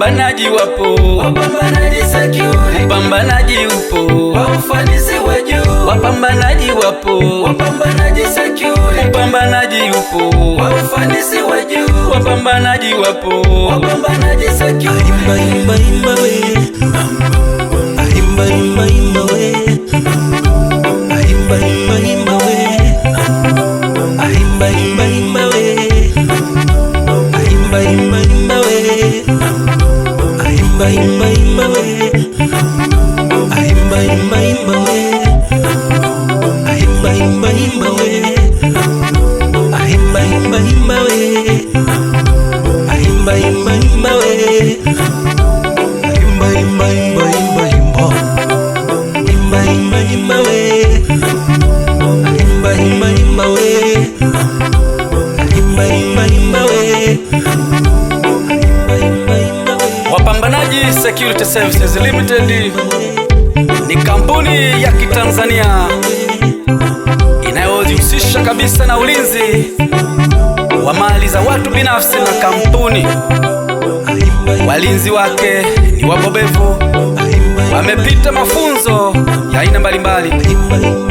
Wapambanaji wapo, wapambanaji secure, wapambanaji upo, ufanisi wa juu. Wapambanaji wapo, wapambanaji secure, wapambanaji upo, ufanisi wa juu. Wapambanaji wapo, wapambanaji secure. Imba imba imba we, imba imba imba we Bye. Security Services Limited ni kampuni ya Kitanzania inayojihusisha kabisa na ulinzi wa mali za watu binafsi na kampuni. Walinzi wake ni wabobevu, wamepita mafunzo ya aina mbalimbali,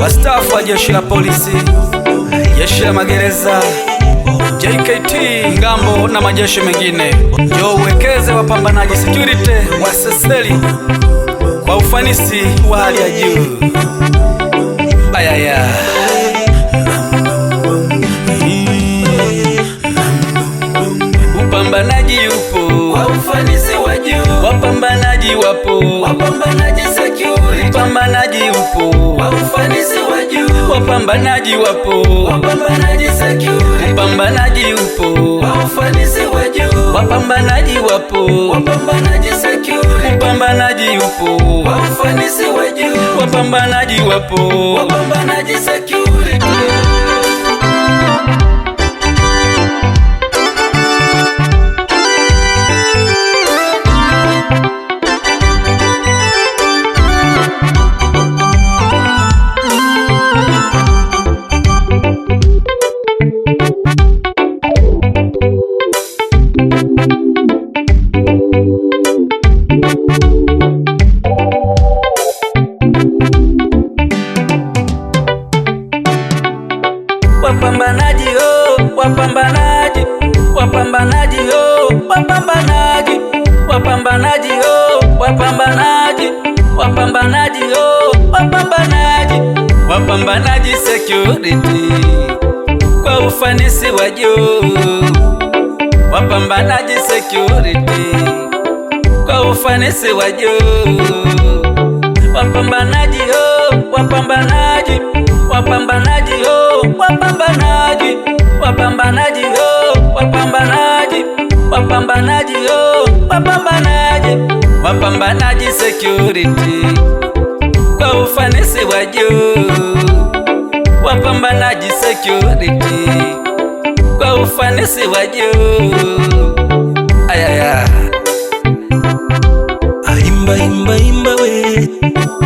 wastaafu wa jeshi la polisi, jeshi la magereza JKT Ngambo na majeshi mengine, ndio uwekeze wapambanaji security wa seseli kwa ufanisi wa hali ya juu. Ayaya upambanaji yupo kwa ufanisi wa juu, wapambanaji wapo, wapambanaji security, wapambanaji wapo, wa ufanisi wa juu, wapambanaji wapo, wapambanaji secure, mpambanaji upo, wa ufanisi wa juu, wapambanaji wapo, wapambanaji secure, mpambanaji upo, wa ufanisi wa juu, wapambanaji wapo, wapambanaji secure Wapambanaji oh, wapambanaji, wapambanaji security kwa ufanisi wa juu, wapambanaji security kwa ufanisi wa juu, wapambanaji oh, wapambanaji, wapambanaji oh, wapambanaji, wapambanaji oh, wapambanaji, wapambanaji oh upambanaji security kwa ufanisi wa juu, wapambanaji security kwa ufanisi wa juu. Ayaya, aimba imba imba we